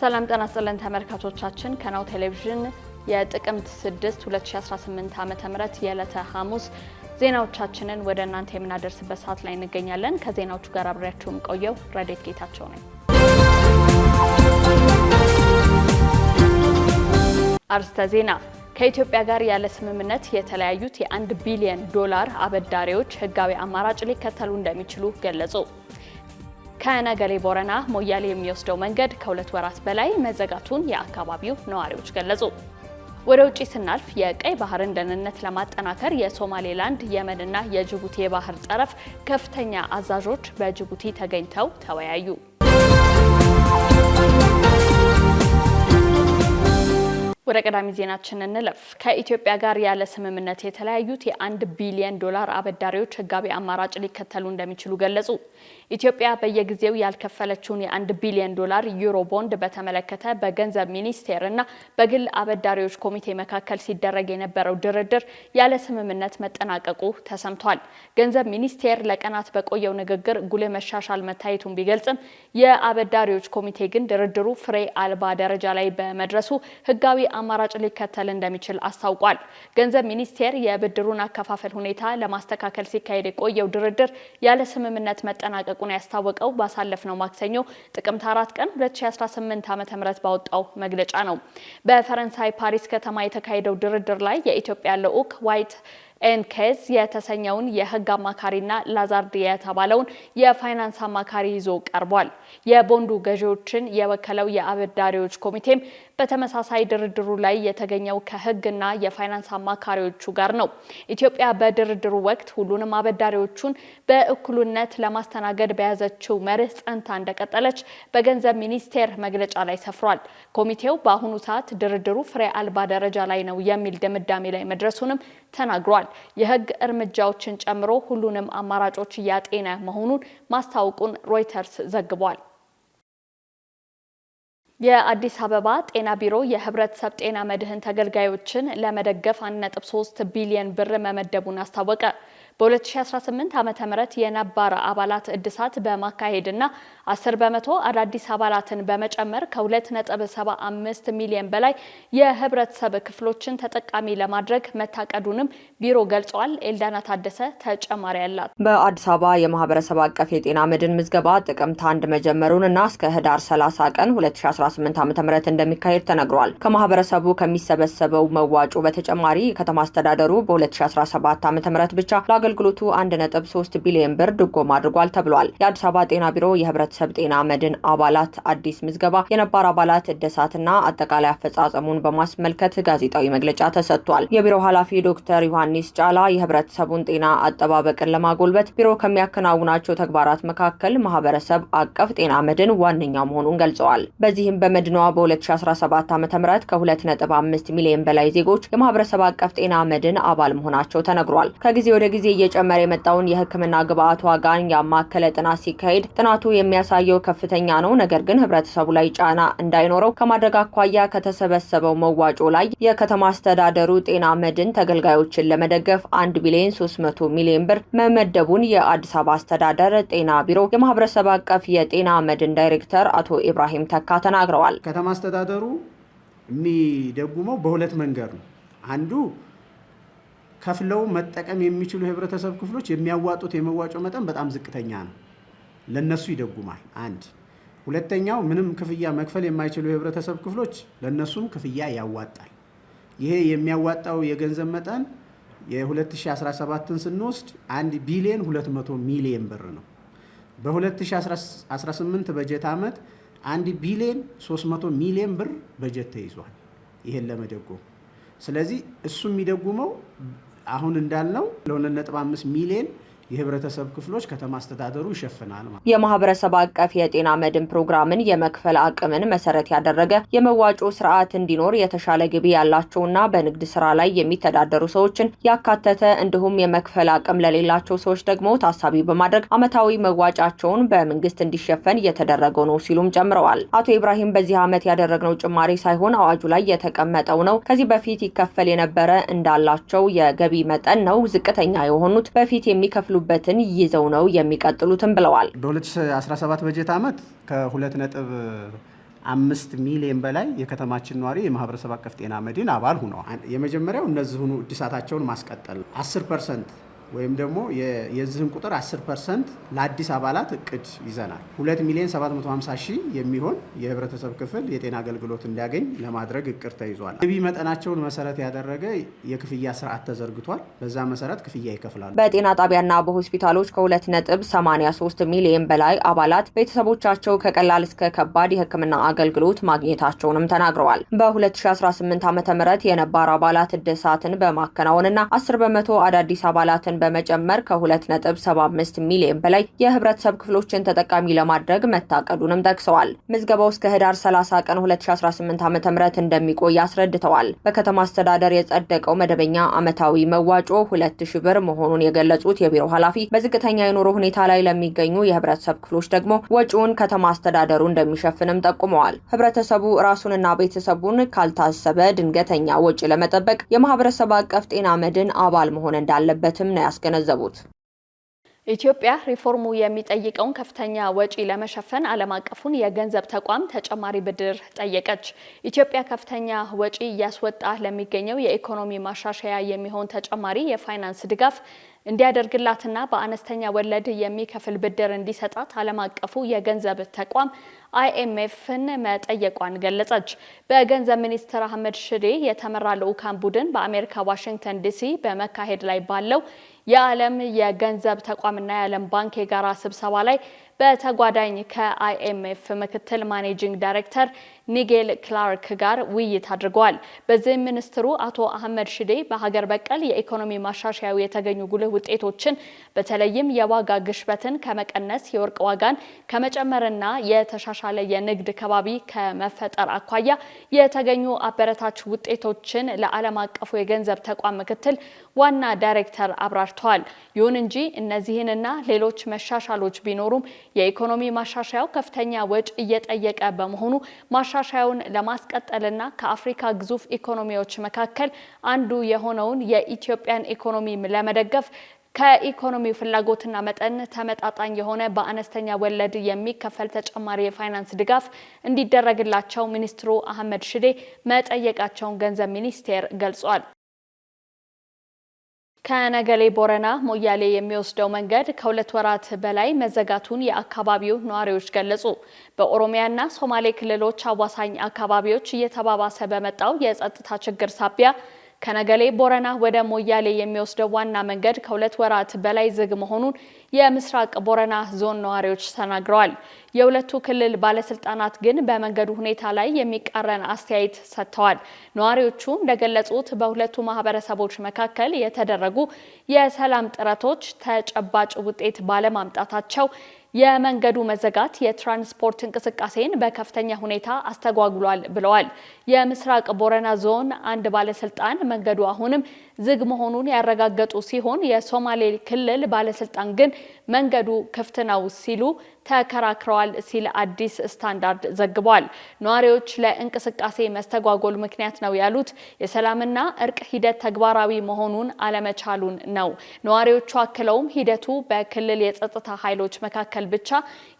ሰላም ጤና ይስጥልን ተመልካቾቻችን፣ ከናሁ ቴሌቪዥን የጥቅምት 6 2018 ዓ.ም የዕለተ ሐሙስ ዜናዎቻችንን ወደ እናንተ የምናደርስበት ሰዓት ላይ እንገኛለን። ከዜናዎቹ ጋር አብሬያችሁም ቆየው ረዴት ጌታቸው ነኝ። አርስተ ዜና ከኢትዮጵያ ጋር ያለ ስምምነት የተለያዩት የአንድ ቢሊዮን ዶላር አበዳሪዎች ህጋዊ አማራጭ ሊከተሉ እንደሚችሉ ገለጹ። ከነገሌ ቦረና ሞያሌ የሚወስደው መንገድ ከሁለት ወራት በላይ መዘጋቱን የአካባቢው ነዋሪዎች ገለጹ። ወደ ውጭ ስናልፍ የቀይ ባህርን ደህንነት ለማጠናከር የሶማሌላንድ የመንና የጅቡቲ የባህር ጠረፍ ከፍተኛ አዛዦች በጅቡቲ ተገኝተው ተወያዩ። ወደ ቀዳሚ ዜናችን እንለፍ። ከኢትዮጵያ ጋር ያለ ስምምነት የተለያዩት የአንድ ቢሊየን ዶላር አበዳሪዎች ህጋዊ አማራጭ ሊከተሉ እንደሚችሉ ገለጹ። ኢትዮጵያ በየጊዜው ያልከፈለችውን የአንድ ቢሊዮን ዶላር ዩሮ ቦንድ በተመለከተ በገንዘብ ሚኒስቴር እና በግል አበዳሪዎች ኮሚቴ መካከል ሲደረግ የነበረው ድርድር ያለ ስምምነት መጠናቀቁ ተሰምቷል። ገንዘብ ሚኒስቴር ለቀናት በቆየው ንግግር ጉልህ መሻሻል መታየቱን ቢገልጽም የአበዳሪዎች ኮሚቴ ግን ድርድሩ ፍሬ አልባ ደረጃ ላይ በመድረሱ ህጋዊ አማራጭ ሊከተል እንደሚችል አስታውቋል። ገንዘብ ሚኒስቴር የብድሩን አከፋፈል ሁኔታ ለማስተካከል ሲካሄድ የቆየው ድርድር ያለ ስምምነት መጠናቀቁ መልቀቁን ያስታወቀው ባሳለፍነው ማክሰኞ ጥቅምት 4 ቀን 2018 ዓ ም ባወጣው መግለጫ ነው። በፈረንሳይ ፓሪስ ከተማ የተካሄደው ድርድር ላይ የኢትዮጵያ ልዑክ ዋይት ኤንኬዝ የተሰኘውን የህግ አማካሪና ላዛርድ የተባለውን የፋይናንስ አማካሪ ይዞ ቀርቧል። የቦንዱ ገዢዎችን የወከለው የአበዳሪዎች ኮሚቴም በተመሳሳይ ድርድሩ ላይ የተገኘው ከህግና የፋይናንስ አማካሪዎቹ ጋር ነው። ኢትዮጵያ በድርድሩ ወቅት ሁሉንም አበዳሪዎቹን በእኩልነት ለማስተናገድ በያዘችው መርህ ጸንታ እንደቀጠለች በገንዘብ ሚኒስቴር መግለጫ ላይ ሰፍሯል። ኮሚቴው በአሁኑ ሰዓት ድርድሩ ፍሬ አልባ ደረጃ ላይ ነው የሚል ድምዳሜ ላይ መድረሱንም ተናግሯል። የህግ እርምጃዎችን ጨምሮ ሁሉንም አማራጮች እያጤነ መሆኑን ማስታወቁን ሮይተርስ ዘግቧል። የአዲስ አበባ ጤና ቢሮ የህብረተሰብ ጤና መድህን ተገልጋዮችን ለመደገፍ 1.3 ቢሊዮን ብር መመደቡን አስታወቀ። በ2018 ዓ ም የነባር አባላት እድሳት በማካሄድና 10 በመቶ አዳዲስ አባላትን በመጨመር ከ2.75 ሚሊዮን በላይ የህብረተሰብ ክፍሎችን ተጠቃሚ ለማድረግ መታቀዱንም ቢሮ ገልጸዋል። ኤልዳና ታደሰ ተጨማሪ ያላት። በአዲስ አበባ የማህበረሰብ አቀፍ የጤና መድን ምዝገባ ጥቅምት አንድ መጀመሩን እና እስከ ህዳር 30 ቀን 2018 ዓ ም እንደሚካሄድ ተነግሯል። ከማህበረሰቡ ከሚሰበሰበው መዋጮ በተጨማሪ ከተማ አስተዳደሩ በ2017 ዓ ም ብቻ አገልግሎቱ 1.3 ቢሊዮን ብር ድጎማ አድርጓል ተብሏል። የአዲስ አበባ ጤና ቢሮ የህብረተሰብ ጤና መድን አባላት አዲስ ምዝገባ፣ የነባር አባላት እደሳትና አጠቃላይ አፈጻጸሙን በማስመልከት ጋዜጣዊ መግለጫ ተሰጥቷል። የቢሮው ኃላፊ ዶክተር ዮሐንስ ጫላ የህብረተሰቡን ጤና አጠባበቅን ለማጎልበት ቢሮ ከሚያከናውናቸው ተግባራት መካከል ማህበረሰብ አቀፍ ጤና መድን ዋነኛው መሆኑን ገልጸዋል። በዚህም በመድኗ በ2017 ዓ ም ከ2.5 ሚሊዮን በላይ ዜጎች የማህበረሰብ አቀፍ ጤና መድን አባል መሆናቸው ተነግሯል። ከጊዜ ወደ ጊዜ እየጨመረ የመጣውን የሕክምና ግብአት ዋጋን ያማከለ ጥናት ሲካሄድ ጥናቱ የሚያሳየው ከፍተኛ ነው። ነገር ግን ህብረተሰቡ ላይ ጫና እንዳይኖረው ከማድረግ አኳያ ከተሰበሰበው መዋጮ ላይ የከተማ አስተዳደሩ ጤና መድን ተገልጋዮችን ለመደገፍ አንድ ቢሊዮን ሶስት መቶ ሚሊዮን ብር መመደቡን የአዲስ አበባ አስተዳደር ጤና ቢሮ የማህበረሰብ አቀፍ የጤና መድን ዳይሬክተር አቶ ኢብራሂም ተካ ተናግረዋል። ከተማ አስተዳደሩ የሚደጉመው በሁለት መንገድ ነው። አንዱ ከፍለው መጠቀም የሚችሉ የህብረተሰብ ክፍሎች የሚያዋጡት የመዋጮ መጠን በጣም ዝቅተኛ ነው። ለነሱ ይደጉማል። አንድ ሁለተኛው ምንም ክፍያ መክፈል የማይችሉ የህብረተሰብ ክፍሎች ለነሱም ክፍያ ያዋጣል። ይሄ የሚያዋጣው የገንዘብ መጠን የ2017ን ስንወስድ 1 ቢሊዮን 200 ሚሊዮን ብር ነው። በ2018 በጀት ዓመት 1 ቢሊዮን 300 ሚሊዮን ብር በጀት ተይዟል። ይሄን ለመደጎም ስለዚህ እሱ የሚደጉመው አሁን እንዳልነው ለ2.5 ሚሊዮን የህብረተሰብ ክፍሎች ከተማ አስተዳደሩ ይሸፍናል። የማህበረሰብ አቀፍ የጤና መድን ፕሮግራምን የመክፈል አቅምን መሰረት ያደረገ የመዋጮ ስርዓት እንዲኖር የተሻለ ያላቸው ያላቸውና በንግድ ስራ ላይ የሚተዳደሩ ሰዎችን ያካተተ እንዲሁም የመክፈል አቅም ለሌላቸው ሰዎች ደግሞ ታሳቢ በማድረግ አመታዊ መዋጫቸውን በመንግስት እንዲሸፈን እየተደረገው ነው ሲሉም ጨምረዋል። አቶ ኢብራሂም በዚህ አመት ያደረግነው ጭማሪ ሳይሆን አዋጁ ላይ የተቀመጠው ነው። ከዚህ በፊት ይከፈል የነበረ እንዳላቸው የገቢ መጠን ነው። ዝቅተኛ የሆኑት በፊት የሚከፍሉ ያሉበትን ይዘው ነው የሚቀጥሉትም ብለዋል። በ2017 በጀት ዓመት ከ2.5 ሚሊዮን በላይ የከተማችን ነዋሪ የማህበረሰብ አቀፍ ጤና መድን አባል ሆነዋል። የመጀመሪያው እነዚህኑ እድሳታቸውን ማስቀጠል 10 ፐርሰንት ወይም ደግሞ የዚህን ቁጥር 10 ፐርሰንት ለአዲስ አባላት እቅድ ይዘናል። 2 ሚሊዮን 750 ሺህ የሚሆን የህብረተሰብ ክፍል የጤና አገልግሎት እንዲያገኝ ለማድረግ እቅድ ተይዟል። ግቢ መጠናቸውን መሰረት ያደረገ የክፍያ ስርዓት ተዘርግቷል። በዛ መሰረት ክፍያ ይከፍላሉ። በጤና ጣቢያና በሆስፒታሎች ከሁለት ነጥብ 83 ሚሊዮን በላይ አባላት ቤተሰቦቻቸው ከቀላል እስከ ከባድ የህክምና አገልግሎት ማግኘታቸውንም ተናግረዋል። በ2018 ዓ ም የነባር አባላት እድሳትን በማከናወንና 10 በመቶ አዳዲስ አባላትን በመጨመር ከ2.75 ሚሊዮን በላይ የህብረተሰብ ክፍሎችን ተጠቃሚ ለማድረግ መታቀዱንም ጠቅሰዋል። ምዝገባው እስከ ህዳር 30 ቀን 2018 ዓ ም እንደሚቆይ አስረድተዋል። በከተማ አስተዳደር የጸደቀው መደበኛ ዓመታዊ መዋጮ 2000 ብር መሆኑን የገለጹት የቢሮ ኃላፊ በዝቅተኛ የኑሮ ሁኔታ ላይ ለሚገኙ የህብረተሰብ ክፍሎች ደግሞ ወጪውን ከተማ አስተዳደሩ እንደሚሸፍንም ጠቁመዋል። ህብረተሰቡ ራሱንና ቤተሰቡን ካልታሰበ ድንገተኛ ወጪ ለመጠበቅ የማህበረሰብ አቀፍ ጤና መድን አባል መሆን እንዳለበትም ነው ያስገነዘቡት። ኢትዮጵያ ሪፎርሙ የሚጠይቀውን ከፍተኛ ወጪ ለመሸፈን ዓለም አቀፉን የገንዘብ ተቋም ተጨማሪ ብድር ጠየቀች። ኢትዮጵያ ከፍተኛ ወጪ እያስወጣ ለሚገኘው የኢኮኖሚ ማሻሻያ የሚሆን ተጨማሪ የፋይናንስ ድጋፍ እንዲያደርግላትና በአነስተኛ ወለድ የሚከፍል ብድር እንዲሰጣት ዓለም አቀፉ የገንዘብ ተቋም አይኤምኤፍን መጠየቋን ገለጸች። በገንዘብ ሚኒስትር አህመድ ሽዴ የተመራ ልዑካን ቡድን በአሜሪካ ዋሽንግተን ዲሲ በመካሄድ ላይ ባለው የዓለም የገንዘብ ተቋምና የዓለም ባንክ የጋራ ስብሰባ ላይ በተጓዳኝ ከአይኤምኤፍ ምክትል ማኔጂንግ ዳይሬክተር ኒጌል ክላርክ ጋር ውይይት አድርገዋል። በዚህም ሚኒስትሩ አቶ አህመድ ሽዴ በሀገር በቀል የኢኮኖሚ ማሻሻያው የተገኙ ጉልህ ውጤቶችን በተለይም የዋጋ ግሽበትን ከመቀነስ የወርቅ ዋጋን ከመጨመርና የተሻሻለ የንግድ ከባቢ ከመፈጠር አኳያ የተገኙ አበረታች ውጤቶችን ለዓለም አቀፉ የገንዘብ ተቋም ምክትል ዋና ዳይሬክተር አብራርተዋል። ይሁን እንጂ እነዚህንና ሌሎች መሻሻሎች ቢኖሩም የኢኮኖሚ ማሻሻያው ከፍተኛ ወጪ እየጠየቀ በመሆኑ ማሻሻያውን ለማስቀጠልና ከአፍሪካ ግዙፍ ኢኮኖሚዎች መካከል አንዱ የሆነውን የኢትዮጵያን ኢኮኖሚ ለመደገፍ ከኢኮኖሚ ፍላጎትና መጠን ተመጣጣኝ የሆነ በአነስተኛ ወለድ የሚከፈል ተጨማሪ የፋይናንስ ድጋፍ እንዲደረግላቸው ሚኒስትሩ አህመድ ሽዴ መጠየቃቸውን ገንዘብ ሚኒስቴር ገልጿል። ከነገሌ ቦረና ሞያሌ የሚወስደው መንገድ ከሁለት ወራት በላይ መዘጋቱን የአካባቢው ነዋሪዎች ገለጹ። በኦሮሚያና ሶማሌ ክልሎች አዋሳኝ አካባቢዎች እየተባባሰ በመጣው የጸጥታ ችግር ሳቢያ ከነገሌ ቦረና ወደ ሞያሌ የሚወስደው ዋና መንገድ ከሁለት ወራት በላይ ዝግ መሆኑን የምስራቅ ቦረና ዞን ነዋሪዎች ተናግረዋል። የሁለቱ ክልል ባለስልጣናት ግን በመንገዱ ሁኔታ ላይ የሚቃረን አስተያየት ሰጥተዋል። ነዋሪዎቹ እንደገለጹት በሁለቱ ማህበረሰቦች መካከል የተደረጉ የሰላም ጥረቶች ተጨባጭ ውጤት ባለማምጣታቸው የመንገዱ መዘጋት የትራንስፖርት እንቅስቃሴን በከፍተኛ ሁኔታ አስተጓጉሏል ብለዋል። የምስራቅ ቦረና ዞን አንድ ባለስልጣን መንገዱ አሁንም ዝግ መሆኑን ያረጋገጡ ሲሆን የሶማሌ ክልል ባለስልጣን ግን መንገዱ ክፍት ነው ሲሉ ተከራክረዋል ሲል አዲስ ስታንዳርድ ዘግቧል። ነዋሪዎች ለእንቅስቃሴ መስተጓጎል ምክንያት ነው ያሉት የሰላምና እርቅ ሂደት ተግባራዊ መሆኑን አለመቻሉን ነው። ነዋሪዎቹ አክለውም ሂደቱ በክልል የጸጥታ ኃይሎች መካከል ብቻ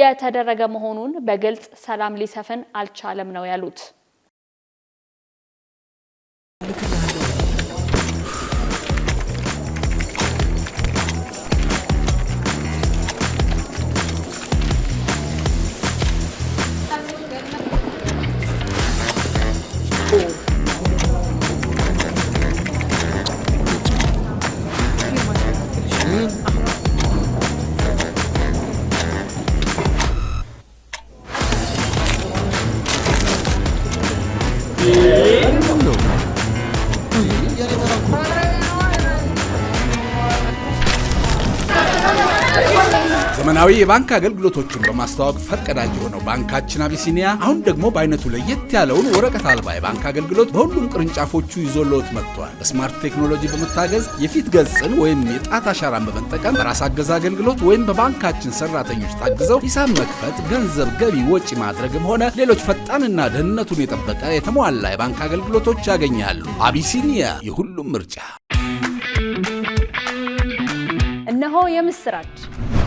የተደረገ መሆኑን በግልጽ ሰላም ሊሰፍን አልቻለም ነው ያሉት። ዘመናዊ የባንክ አገልግሎቶችን በማስተዋወቅ ፈቀዳጅ የሆነው ባንካችን አቢሲኒያ አሁን ደግሞ በአይነቱ ለየት ያለውን ወረቀት አልባ የባንክ አገልግሎት በሁሉም ቅርንጫፎቹ ይዞልዎት መጥቷል። በስማርት ቴክኖሎጂ በመታገዝ የፊት ገጽን ወይም የጣት አሻራን በመጠቀም በራስ አገዝ አገልግሎት ወይም በባንካችን ሰራተኞች ታግዘው ሂሳብ መክፈት፣ ገንዘብ ገቢ ወጪ ማድረግም ሆነ ሌሎች ፈጣንና ደህንነቱን የጠበቀ የተሟላ የባንክ አገልግሎቶች ያገኛሉ። አቢሲኒያ የሁሉም ምርጫ። እነሆ የምስራች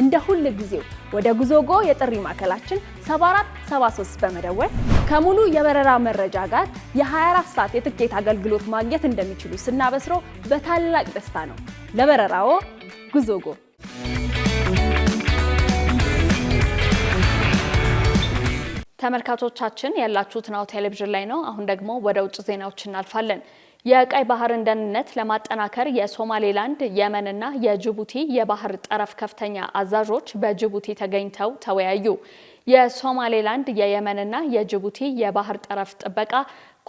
እንደ ሁል ጊዜው ወደ ጉዞጎ የጥሪ ማዕከላችን 7473 በመደወል ከሙሉ የበረራ መረጃ ጋር የ24 ሰዓት የትኬት አገልግሎት ማግኘት እንደሚችሉ ስናበስሮ በታላቅ ደስታ ነው። ለበረራዎ ጉዞጎ። ተመልካቾቻችን ያላችሁት ናሁ ቴሌቪዥን ላይ ነው። አሁን ደግሞ ወደ ውጭ ዜናዎች እናልፋለን። የቀይ ባህርን ደህንነት ለማጠናከር የሶማሌላንድ፣ የመንና የጅቡቲ የባህር ጠረፍ ከፍተኛ አዛዦች በጅቡቲ ተገኝተው ተወያዩ። የሶማሌላንድ፣ የየመንና የጅቡቲ የባህር ጠረፍ ጥበቃ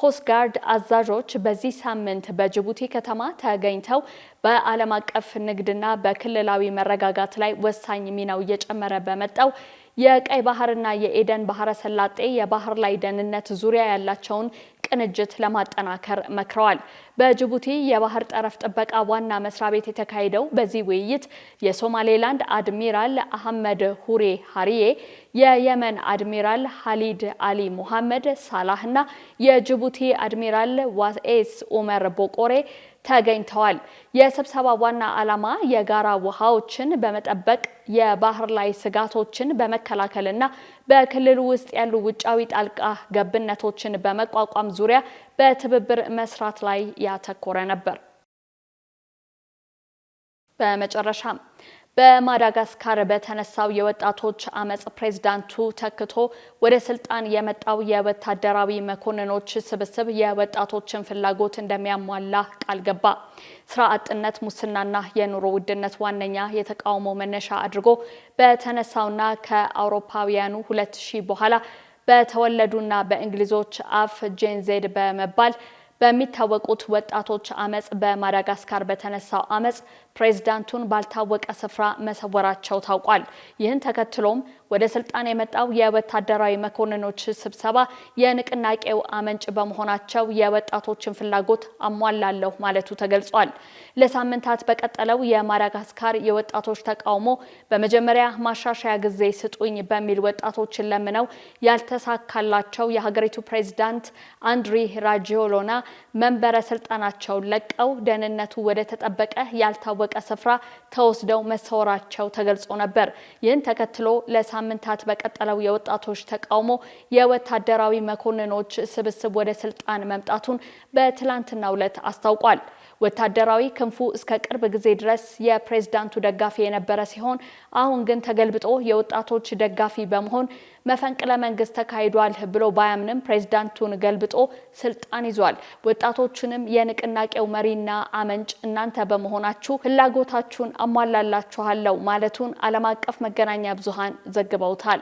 ኮስትጋርድ አዛዦች በዚህ ሳምንት በጅቡቲ ከተማ ተገኝተው በዓለም አቀፍ ንግድና በክልላዊ መረጋጋት ላይ ወሳኝ ሚናው እየጨመረ በመጣው የቀይ ባህርና የኤደን ባህረ ሰላጤ የባህር ላይ ደህንነት ዙሪያ ያላቸውን ቅንጅት ለማጠናከር መክረዋል። በጅቡቲ የባህር ጠረፍ ጥበቃ ዋና መስሪያ ቤት የተካሄደው በዚህ ውይይት የሶማሌላንድ አድሚራል አህመድ ሁሬ ሀሪዬ፣ የየመን አድሚራል ሀሊድ አሊ ሙሐመድ ሳላህ እና የጅቡቲ አድሚራል ዋኤስ ኡመር ቦቆሬ ተገኝተዋል። የስብሰባ ዋና ዓላማ የጋራ ውሃዎችን በመጠበቅ የባህር ላይ ስጋቶችን በመከላከልና በክልሉ ውስጥ ያሉ ውጫዊ ጣልቃ ገብነቶችን በመቋቋም ዙሪያ በትብብር መስራት ላይ ያተኮረ ነበር። በመጨረሻም በማዳጋስካር በተነሳው የወጣቶች አመፅ ፕሬዝዳንቱ ተክቶ ወደ ስልጣን የመጣው የወታደራዊ መኮንኖች ስብስብ የወጣቶችን ፍላጎት እንደሚያሟላ ቃል ገባ። ስራ አጥነት፣ ሙስናና የኑሮ ውድነት ዋነኛ የተቃውሞ መነሻ አድርጎ በተነሳውና ከአውሮፓውያኑ 2000 በኋላ በተወለዱና በእንግሊዞች አፍ ጄንዜድ በመባል በሚታወቁት ወጣቶች አመፅ በማዳጋስካር በተነሳው አመፅ ፕሬዝዳንቱን ባልታወቀ ስፍራ መሰወራቸው ታውቋል። ይህን ተከትሎም ወደ ስልጣን የመጣው የወታደራዊ መኮንኖች ስብሰባ የንቅናቄው አመንጭ በመሆናቸው የወጣቶችን ፍላጎት አሟላለሁ ማለቱ ተገልጿል። ለሳምንታት በቀጠለው የማዳጋስካር የወጣቶች ተቃውሞ በመጀመሪያ ማሻሻያ ጊዜ ስጡኝ በሚል ወጣቶችን ለምነው ያልተሳካላቸው የሀገሪቱ ፕሬዝዳንት አንድሪ ራጂዮሎና መንበረ ስልጣናቸውን ለቀው ደህንነቱ ወደ ተጠበቀ ያልታወቀ ወዳልታወቀ ስፍራ ተወስደው መሰወራቸው ተገልጾ ነበር። ይህን ተከትሎ ለሳምንታት በቀጠለው የወጣቶች ተቃውሞ የወታደራዊ መኮንኖች ስብስብ ወደ ስልጣን መምጣቱን በትላንትናው ዕለት አስታውቋል። ወታደራዊ ክንፉ እስከ ቅርብ ጊዜ ድረስ የፕሬዝዳንቱ ደጋፊ የነበረ ሲሆን አሁን ግን ተገልብጦ የወጣቶች ደጋፊ በመሆን መፈንቅለ መንግስት ተካሂዷል ብሎ ባያምንም ፕሬዝዳንቱን ገልብጦ ስልጣን ይዟል። ወጣቶችንም የንቅናቄው መሪና አመንጭ እናንተ በመሆናችሁ ፍላጎታችሁን አሟላላችኋለሁ ማለቱን ዓለም አቀፍ መገናኛ ብዙሃን ዘግበውታል።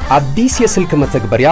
አዲስ የስልክ መተግበሪያ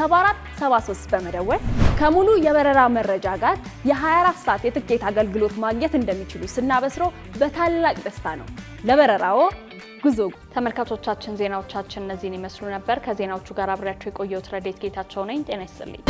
7473 በመደወል ከሙሉ የበረራ መረጃ ጋር የ24 ሰዓት የትኬት አገልግሎት ማግኘት እንደሚችሉ ስናበስሮ በታላቅ ደስታ ነው። ለበረራዎ ጉዞ ተመልካቾቻችን፣ ዜናዎቻችን እነዚህን ይመስሉ ነበር። ከዜናዎቹ ጋር አብሬያቸው የቆየሁት ረዴት ጌታቸው ነኝ። ጤና ይስጥልኝ።